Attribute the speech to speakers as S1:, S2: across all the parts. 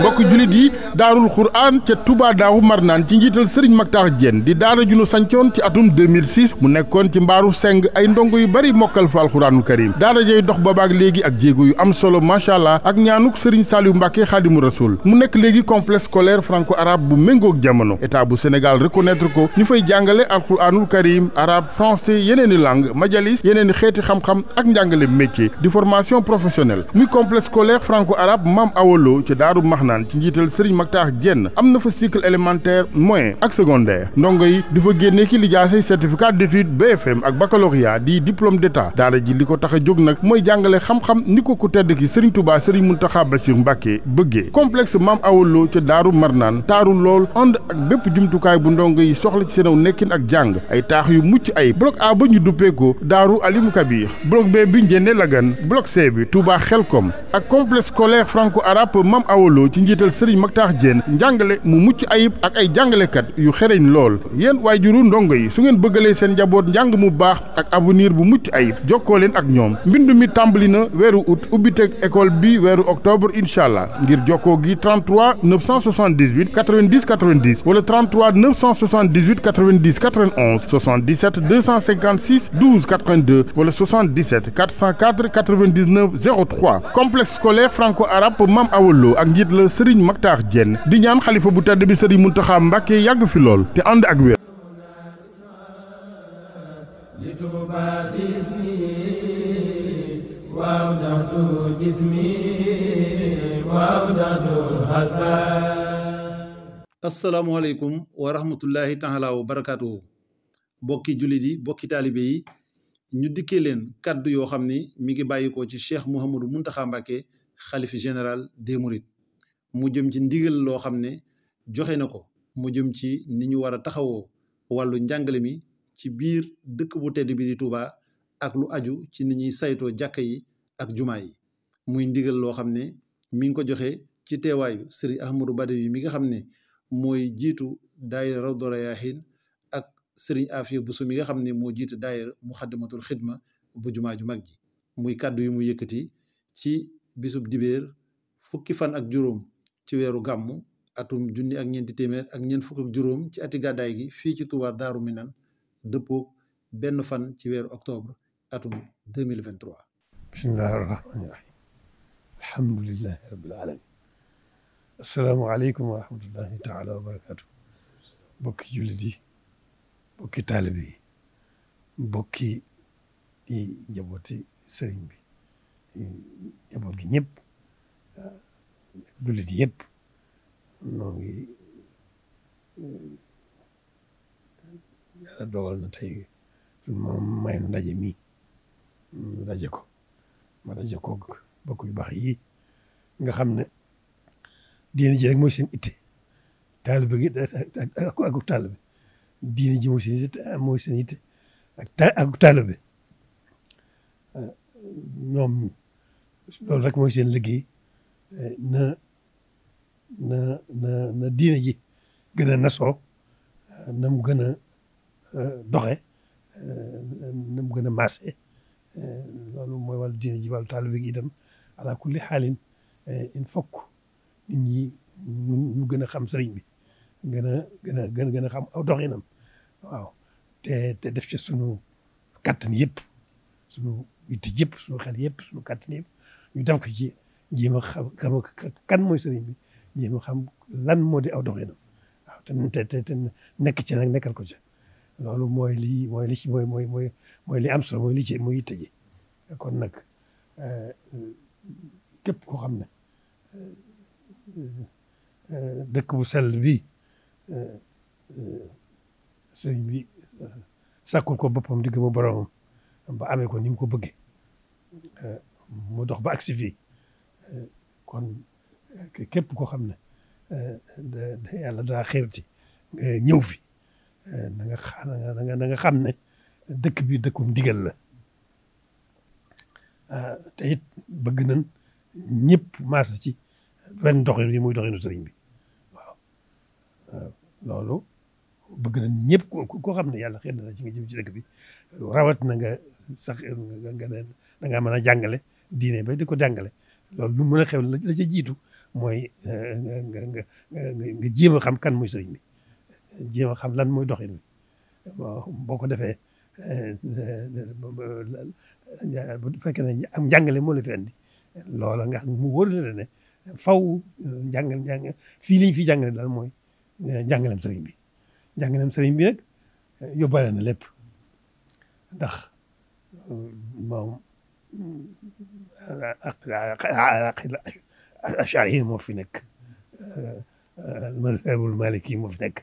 S1: mbokk
S2: jullit yi daarul xuraan ca Touba daawu marnaan ci njiital sëriñ Maktar Diène di daara ju nu sancoon ci atum 2006 mu nekkoon ci mbaaru seng ay ndongo yu bari mokkal fa alxuraanul karim daara jay dox boobaak léegi ak jéego yu am solo macha allah ak ñaanuk sëriñ Saliou Mbacke xaadimu rasul mu nekk léegi complexe scolaire franco arabe bu méngoog jamono état bu Sénégal reconnaître ko ñu fay jàngale alxuraanul karim arabe français yeneeni langue majalis yeneeni xeeti xam ak njàngale métier di formation professionnelle mi complexe scolaire franco-arabe Maam Awa Lo ci Daaru Maxnaan ci njiital Serigne Makhtar Diène am na fa cycle élémentaire moyen ak secondaire ndongo yi di fa génne ki lijaasay certificat d'études BFM ak baccalauréat di diplôme d'état daara ji li ko tax a jóg nag mooy jàngale xam-xam ni ko ku tedd ki Serigne Touba Serigne Mountakha Bassirou Mbacké bëggee complexe Maam Awa ca Daaru Marnaan taaru lool ànd ak bépp jumtukaay bu ndongo yi soxla ci seenaw nekkin ak jàng ay taax yu mucc ay bloc A ba ñu duppee Daaru Alim Kabir bloc bi Ndiéné Lagane bloc C bi Touba xel Malcom ak complexe scolaire franco-arabe Mam Awolo ci njiital Serigne Mactar Diène njàngale mu mucc ayib ak ay jàngalekat yu xereñ lool yéen waajuru ndongo yi su ngeen bëggalee seen njaboot njàng mu baax ak avenir bu mucc ayib jokkoo ak ñoom mbind mi na weeru août ubbiteg école bi weeru octobre incha allah ngir jokkoo gi 33 978 90 90 wala 33 978 90 91 77 256 12 wala Touba complexe scolaire franco-arabe Mam Awa ak njiit la Serigne Mactar Diène di ñaan xalifa bu tedd bi Serigne Mountakha Mbacké yàgg fi lool te ànd ak wér.
S3: asalaamaaleykum wa rahmatullahi taala wa barakaatu bokki jullit yi bokki taalibe yi. ñu dikkee leen kàddu yoo xam ni mi ngi bàyyikoo ci cheikh Mouhamadou Mountakha Mbacké xalif général des Mourides mu jëm ci ndigal loo xam ne joxe na ko mu jëm ci ni ñu war a taxawoo wàllu njàngale mi ci biir dëkk bu tedd bi di Touba ak lu aju ci ni ñuy saytoo jàkka yi ak jumaa yi muy ndigal loo xam ne mi ngi ko joxe ci teewaayu Serigne Ahmadou yi mi nga xam ne mooy jiitu daayira Rawdu Rayaahin sëriñ Afia Bousso mi nga xam ne moo jiite daayira Muxaddamatul Xidma bu jumaa ju mag ji muy kàddu yu mu yëkkati ci bisub dibeer fukki fan ak juróom ci weeru gàmmu atum junni ak ñeenti téeméer ak ñeent fukk ak juróom ci ati gàddaay gi fii ci Touba Daaru Minan dëppoo benn fan ci weeru octobre atum 2023
S1: bismillahi rahmaani rahim bokki taalibe yi bokki di njabooti sëriñ bi njaboot gi ñëpp jullit yëpp noo ngi yàlla na tey moom may nu ndaje mi ñu daje ko ma daje ko bokk yu baax yi nga xam ne diine ji rek mooy seen itte taalibe gi ak ak taalibe diine ji mooy seen it mooy seen ak ta ak taalibe ñoom loolu rek mooy seen liggéey na na na na diine ji gën nasoo na mu gën a doxe na mu gën a maase loolu mooy wàllu diine ji wàllu taalibe gi itam ala kulli xaalin il faut nit ñi ñu gën a xam sëriñ bi gën a gën a gën gën a xam aw doxinam waaw te te def ci sunu kattan yëpp sunu yitte yëpp sunu xel yëpp sunu kattan yëpp ñu def ko ci jéem a xam kan mooy sëriñ bi jéem a xam lan moo di aw doxinam waaw te te te nekk ci nag nekkal ko ci loolu mooy lii mooy li ci mooy mooy mooy mooy li am solo mooy li ci mooy yitte ji kon nag eh, képp koo xam ne eh, eh, dëkk bu sell bii sëriñ bi euh, sàkkul ko boppam digg mu boromam ba amee ko ni mu ko bëggee euh, moo dox ba agsi fii euh, kon képp koo xam ne da yàlla daa ci ñëw fi na nga xam ne dëkk bi dëkkum ndigal la te it bëgg nañ ñëpp maas ci benn doxin yi muy doxinu sëriñ bi loolu bëgg nañ ñëpp koo xam ne yàlla xëy na ci nga jëm ci dëkk bi rawat nga sax nga nga ne mën a jàngale diine ba di ko jàngale loolu lu mën a xew la ca jiitu mooy euh, nga nga nga jéem a xam kan muy sëriñ bi jéem a xam lan muy doxin bi boo ko defee euh, bu fekkee ne am njàngale moo la fi andi loola nga xam mu la ne faw euh, njàngal njàng fii liñ fi jàngale daal mooy jàngaleem sëriñ bi jàngaleem sëriñ bi nag eh, yóbbaale na lépp ndax moom aqida ashari moo fi nekk mazhabul maliki moo fi nekk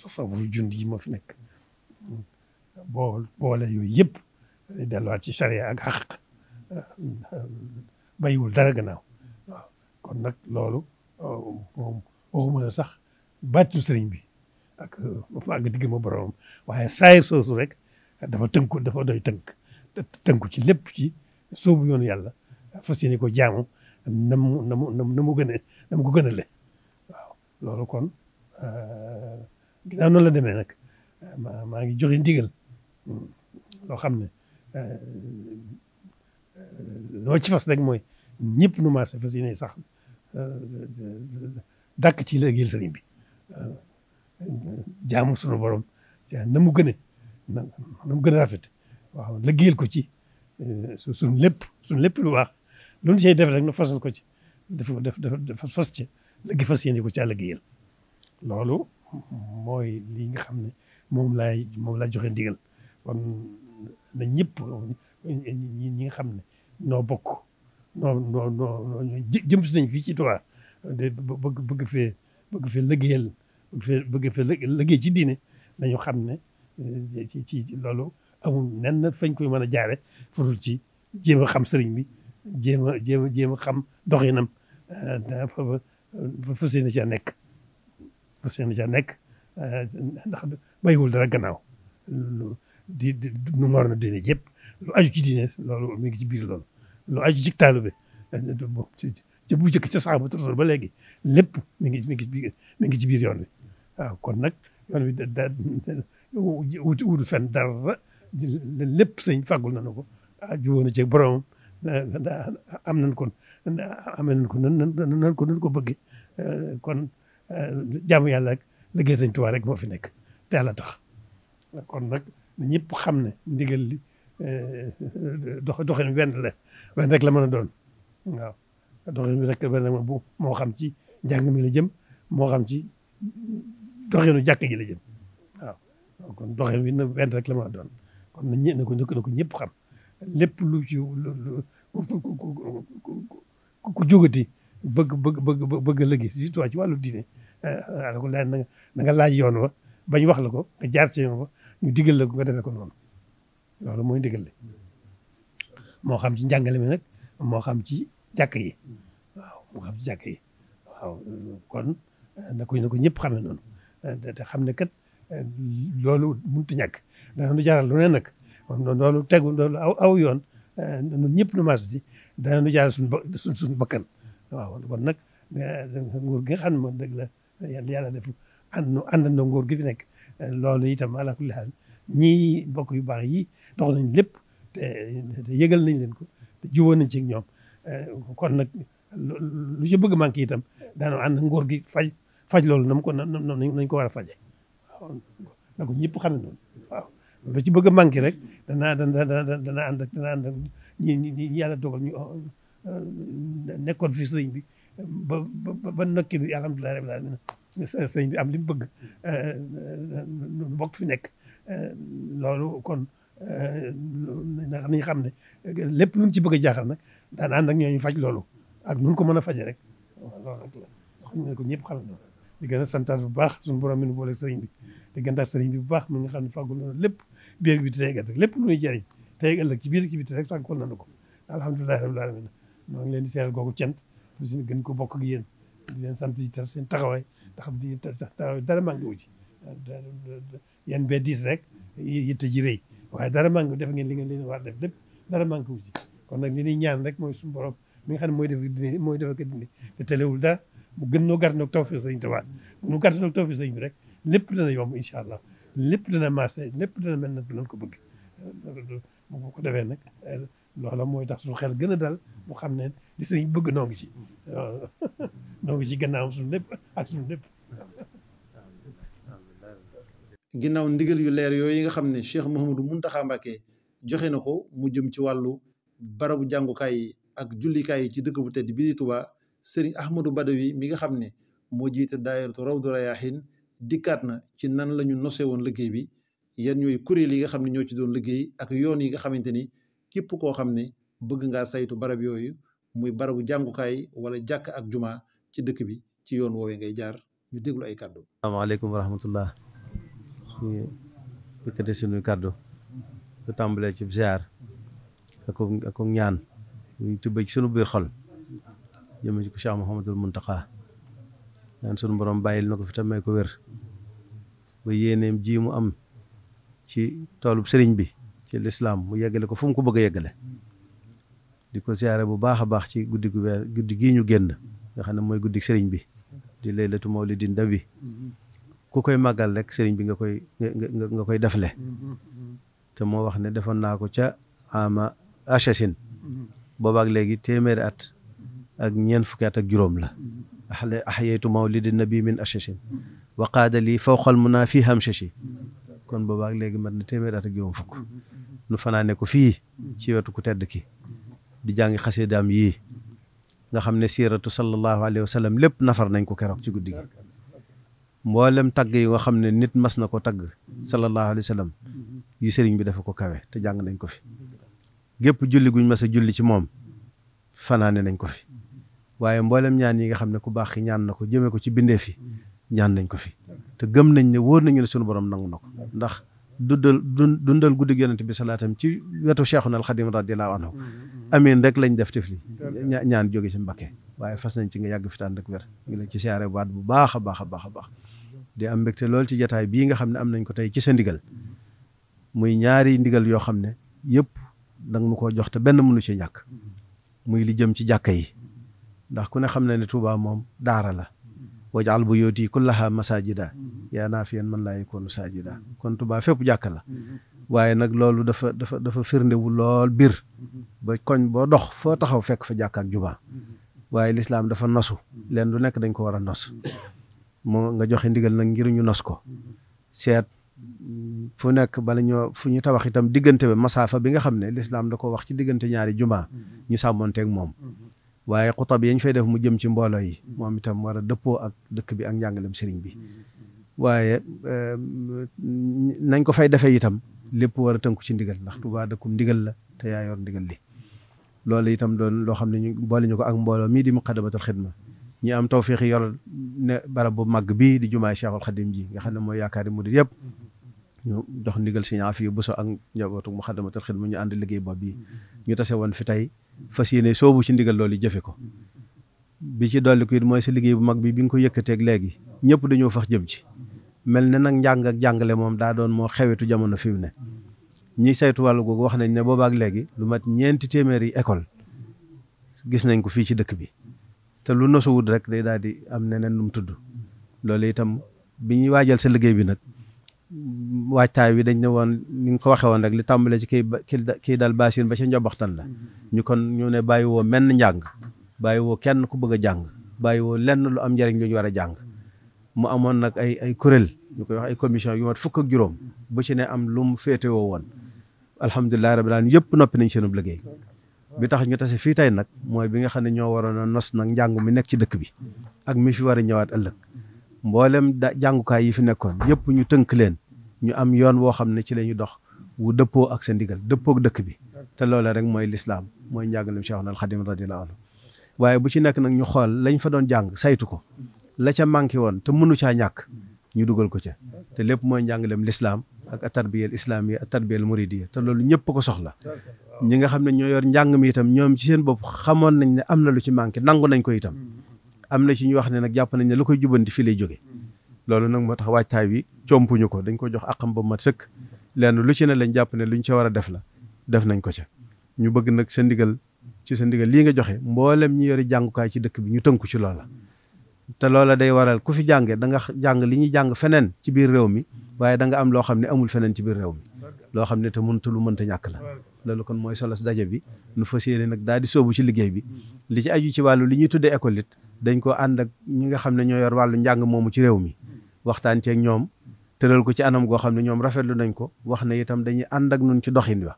S1: tasawuf jund yi moo fi nekk eh, eh, boo boole yooyu yëpp delluwaat ci charia ak xaq bayiwul dara gannaaw waaw kon nag loolu moom waxuma la sax bàccu sëriñ bi ak ak digg ma boromam waaye saayir soosu rek dafa tënku dafa doy tënk tënku ci lépp ci soobu yoonu yàlla fas yéene ko jaamu na mu na mu gën a ko gën a le loolu kon euh, ginnaaw noonu la demee nag maa maa ngi joxe ndigal hmm, loo xam ne euh, euh, loo ci fas rek mooy ñëpp nu maase fas sax dàkk ci liggéeyal sëriñ bi jaamu sunu borom na mu gën a na gën a rafet waaw liggéeyal ko ci suñ lépp suñ lépp lu baax lu ñu def rek nu fasal ko ci dafa dafa fas ci liggéey fas yéene ko ci liggéeyal loolu mooy li nga xam ne moom laay moom laay joxe ndigal kon na ñëpp ñi nga xam ne noo bokk noo noo noo jëm si nañ fii ci Tuubaa de bëgg bëgg fee bëgg fee liggéeyal bëgg fee bëgg fee liggéey ci diine nañu xam ne eh, ci ci loolu amul nenn fañ koy mën a jaare furul ci jéem xam sëriñ bi jéem a jéem a jéem a xam doxinam eh, fas yéene caa nekk fas yéene caa nekk eh, ndax bàyyiwul dara gannaaw di di nu mu war na diine jëpp lu aju ci diine loolu mi ngi ci biir loolu lu aju ci taalu bi ci bu njëkk ca saxaabatu rasul ba léegi lépp mi ngi mi ngi mi ngi ci biir yoon wi kon nag yoon wi da wuti wutu fenn dara lépp sëñ fàggul nañu ko ah juwoon na ci boromam am nañ ko am nañ ko nan nan ko nan ko bëgge eh, kon eh, jaamu yàlla ak liggéey sëñ Tuubaa rek moo fi nekk te yàlla tax kon nag ñëpp xam ne ndigal li eh, dox doxin wenn la wenn rek la mën a doon waaw doxin bi rek benn bu moo xam ci njàng mi la jëm moo xam ci doxinu jàkk ji la jëm waaw kon doxin wi na benn rek la ma doon kon na ñë na ko na ko ñëpp xam lépp lu ci ku ku jógati bëgg bëgg bëgg bëgg lëgi surtout ci wàllu diine eh, ala ko laaj na nga na nga laaj yoon wa bañ wax la ko nga jaar ci yoon wa ñu digal la ko nga defee ko noonu loolu mooy ndigal li moo xam ci njàngale mi nag moo xam ci jàkk yi waaw mu xam ci jàkk yi waaw kon na ko na ko ñëpp xamee noonu te xam ne kat loolu mënut a ñàkk dana nu jaral lu ne nag loolu tegu loolu aw yoon ñun ñëpp nu maas ji dana nu jaral suñu suñ suñu bakkan waaw kon nag nguur gi nga ne moom dëgg la yàlla def ànd nu àndandoo gi fi nekk loolu itam ala kulli haal ñii bokk yu baax yi dox nañ lépp te yëgal nañ leen ko te juwoon nañ ci ñoom Eh, kon nag lu ci bëgg manqué itam daanaka ànd ngóor gi faj faj loolu na mu ko na nañ ko war a faje waaw na ko ñëpp xam ne noonu waaw lu ci bëgg a manqué rek danaa dana dana ànd ak dana ànd ak ñi ñi yàlla dogal ñu eh, nekkoon fi sëñ bi ba ba ba nokki bi alhamdulilah rabbil alamin sëñ bi am li mu bëgg eh, nu bokk fi nekk loolu kon. ndax euh, nañ xam ne lépp luñ ci bëgg a jaaxal nag daan ànd ak ñooñu faj loolu ak nun ko mën a faje rek loolu rek ko ñëpp xam na di gën a santaat bu baax suñu borom mi nu boole sëriñ bi di gëntaat sëriñ bi bu baax mi nga xam ne fàggul na lépp biir bi tey ëllëg lépp lu ñuy jëriñ tey ëllëg ci biir ci biti rek fàggul nañu ko alhamdulilahi rabbil alamin maa ngi leen di seeral googu cant suñu gën ko bokk ak yéen di leen sant yi tar seen taxawaay ndax di taxawaay da maa ngi wu yan bee diis rek yitte ji rëy waaye dara manqué def ngeen li ngeen leen war def lépp dara manqué wu ci kon nag li ñuy ñaan rek mooy suñu borom mi nga xam ne mooy def dindi mooy def ak dindi te telewul dara mu gën noo gàtt nag tawfiq sëñ Tuubaa mu gàtt nag tawfiq bi rek lépp dana yomb incha allah lépp dana marché lépp dana mel na dinañ ko bëgg bu ko defee nag loola mooy tax suñu xel gën a dal mu xam ne li sëñ bëgg noo ngi ci noo ngi ci gannaawam suñu lépp ak suñu lépp
S3: ginnaaw ndigal yu leer yooyu nga xam ne Cheikh Mouhamadou Mountakha Mbacké joxe na ko mu jëm ci wàllu barabu jàngukaay yi ak jullikaay yi ci dëkk bu tedd bii di Touba Serigne Ahmadou Badawi mi nga xam ne moo jiite daayiratu Rawdu Rayaahin dikkaat na ci nan la ñu woon liggéey bi yan ñooy kuréel yi nga xam ne ñoo ci doon liggéey ak yoon yi nga xamante ni képp koo xam ne bëgg ngaa saytu barab yooyu muy barabu jàngukaay wala jàkk ak juma ci dëkk bi ci yoon woowee ngay jaar ñu déglu ay kàddu.
S4: asalaamaaleykum wa rahmatullah ñu yëkkati suñu kàddu ñu tàmbalee ci ziar ak ak ñaan ñu sunu biir xol ma ci ko Cheikh Mouhamadul Muntaqa ñaan sunu borom bàyyil na ko fi tamay ko wér ba yéeneem ji mu am ci toolub sëriñ bi ci lislaam mu yeggale ko fu mu ko bëgg a yeggale di ko siyaare bu baax a baax ci guddi gu weer guddi gii ñu guddi sëriñ bi di laylatu mawlidin nabi ku koy màggal rek sëriñ bi nga koy nga koy defle te moo wax ne defoon naa ko ca ama achachin boobaak léegi téeméeri at ak ñeent fukki at ak juróom la axyeytu mawlidi nabi min achachin wa qaada lii fawqal munaa fii hamchachi kon boobaak léegi mat na téeméeri at ak juróom fukk nu fanaane ko fii ci wetu ku tedd ki di jàngi daam yi nga xam ne siiratu sallallahu alayhi wa sallam lépp nafar nañ ko keroog ci guddi gi mboolem tagg yi nga xam ne nit mas na ko tagg sallallahu alayhi wa sallam mm-hmm. yi sëriñ bi dafa ko kawe te jàng nañ ko fi gépp julli guñ mas a julli ci moom fanaane nañ ko fi mm-hmm. waaye mboolem ñaan yi nga xam ne ku baax ñaan na ko jëmee ko ci bindee fi mm-hmm. ñaan nañ ko fi te gëm nañ ne wóor nañu ne sunu borom nangu na ko ndax dundal dundal guddi yonent bi salaatam ci wetu Cheikhuna al Xadim radiyallahu anhu amiin rek lañ def tifli ñaan jóge ci Mbakke waaye fas nañ ci nga yàgg fi taan rek wér ngi la ci siyaare bu baax a baax a baax a baax di am mbégte lool ci jataay bii nga xam ne am nañ ko tey ci sa ndigal muy ñaari ndigal yoo xam ne yëpp danga mu ko jox te benn mënu ci ñàkk muy li jëm ci jàkka yi ndax ku ne xam na ne Tuubaa moom daara la wajal bu yooti kullaha masajida yaa naa fi yéen man laa yekoonu sajida kon Tuubaa fépp jàkka la waaye nag loolu dafa dafa dafa firndewu lool biir ba koñ boo dox foo taxaw fekk fa jàkk ak jubaa waaye lislaam dafa nosu leen lu nekk dañ ko war a nos moo nga joxe ndigal nag ngir ñu nos ko seet fu nekk bala ñoo fu ñu tabax itam diggante ba masaafa bi nga xam ne lislaam da ko wax ci diggante ñaari jumaa ñu sàmmonteeg moom waaye xutab yañ fay def mu jëm ci mbooloo yi moom itam war dëppoo ak dëkk bi ak njàngalem sëriñ bi waaye nañ ko fay defee itam lépp war a tënku ci ndigal ndax Tuubaa dëkkum ndigal la te yaa yor ndigal li loolu itam doon loo xam ne ñu boole ñu ko ak mbooloo mii di muqaddamatul xidma ñu am tawféex yor ne barab bu màgg bii di jumaay Cheikhul Khadim ji nga xam ne mooy yaakaar yaakaari di yëpp ñu dox ndigal si ñaa fii Bousso ak njabootu Moukhaddamatoul Khidma ñu ànd liggéey boobu bii ñu tase woon fi tey fas yéene soobu ci ndigal loolu jëfe ko bi ci dolli ko it mooy sa liggéey bu mag bi bi nga ko yëkkateeg léegi ñëpp dañoo fax jëm ci mel ne nag njàng ak jàngale moom daa doon moo xewetu jamono fii mu ne ñi saytu wàllu googu wax nañ ne boobaak léegi lu mat ñeenti téeméeri école gis nañ ko fii ci dëkk bi te lu nosuwut rek day daal di am neneen nu mu tudd loolu itam bi ñuy waajal sa liggéey bi nag waajtaay wi dañ ne woon ni nga ko waxee woon rek lu tàmbale ci kii kii dal baasin ba ci njobaxtan la ñu kon ñu ne bàyyi woo menn njàng bàyyi woo kenn ku bëgg a jàng bàyyi woo lenn lu am njëriñ lu ñu war a jàng mu amoon nag ay ay kuréel ñu koy wax ay commission yu mat fukk ak juróom bu si ne am lu mu féetewoo woon alhamdulilah rabbil alamin yëpp noppi nañ seenub liggéey bi tax ñu tase fii tey nag mooy bi nga xam ne ñoo waroon a nos nag njàng mi nekk ci dëkk bi ak mi fi war a ñëwaat ëllëg mboolem da jàngukaay yi fi nekkoon yëpp ñu tënk leen ñu am yoon woo xam ne ci la ñu dox wu dëppoo ak sa ndigal dëppoo dëkk bi te loole rek mooy lislaam mooy njàngalem Cheikhul Khadim radiyallahu anhu waaye bu ci nekk nag ñu xool lañ fa doon jàng saytu ko la ca manqué woon te mënu caa ñàkk ñu dugal ko ca te lépp mooy njàngalem lislaam ak atarbiyel islamiya atarbiyel muridiya te loolu ñëpp ko soxla ñi nga xam ne ñoo yor njàng mi itam ñoom si seen bopp xamoon nañ ne am na lu si manqué nangu nañ ko itam am na si ñu wax ne nag jàpp nañ ne lu koy jubanti fii lay jóge loolu nag moo tax waajtaay wi compuñu ko dañ ko jox àqam ba mat sëkk lenn lu ci lañ jàpp ne luñ ca war a def la def nañ ko sa ñu bëgg nag sa ndigal ci sa ndigal lii nga joxe mboolem ñi yore jàngukaay ci dëkk bi ñu tënku si loola te loola day waral ku fi jànge da jàng li ñuy jàng feneen ci biir réew mi waaye da nga am loo xam ne amul feneen ci biir réew mi loo xam ne te mënta lu mënta ñàkk la loolu kon mooy solas daje bi nu fa yéene nag daal di soobu ci liggéey bi li ci aju ci wàllu li ñuy tuddee école it dañ ko ànd ak ñi nga xam ne ñoo yor wàllu njàng moomu ci réew mi waxtaan ceeg ñoom tëral ko ci anam goo xam ne ñoom rafetlu nañ ko wax ne itam dañuy ànd ak nun ci doxin wa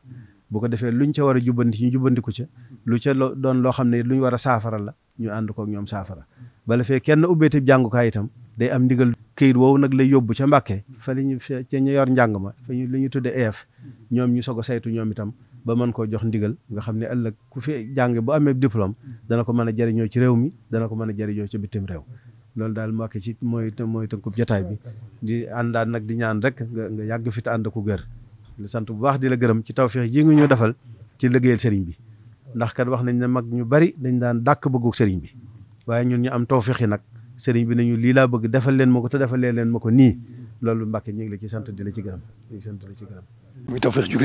S4: bu ko defee luñ ca war a jubbanti ñu jubbantiku ci lu ca doon loo xam ne luñ war a saafara la ñu ànd kook ñoom saafara bala fee kenn ubbeetib jàngukaay itam day am ndigal këyit woowu nag lay yóbbu ca Mbàkke fa li ñu ca ñu yor njàng ma fa ñu li ñu tudde EF ñoom ñu soog saytu ñoom itam ba mën koo jox ndigal nga xam ne ëllëg ku fi jàng bu amee diplôme dana ko mën a jariñoo ci réew mi dana ko mën a jariñoo ci bitim réew loolu daal Mbàkke ci mooy mooy ko jotaay bi di àndaan nag di ñaan rek nga nga yàgg fi te ànd ko gër di sant bu baax di la gërëm ci tawfeex ji nga ñu defal ci liggéeyal sëriñ bi ndax kat wax nañ ne mag ñu bari dañ daan dàkk bëggug sëriñ bi waaye ñun ñu am tawfeex yi nag sëriñ bi nañu lii laa bëgg defal leen ma ko te defal leen ma ko nii loolu Mbàkke ñu ci sant di la ci gërëm
S1: di sant di la ci gërëm. muy Tawfekh ju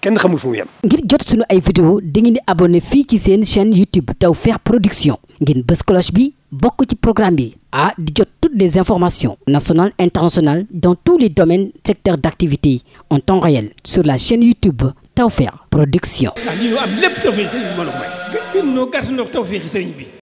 S1: kenn xamul fu mu yem.
S2: ngir jot suñu ay vidéo dangeen di abonné fii ci seen chaîne YouTube Tawfekh Production ngeen bës bi bokk ci programme bi ah di jot toutes les informations nationales internationales dans tous les domaines secteurs d'activité en temps réel sur la chaîne YouTube Tawfekh Production.
S1: ah lii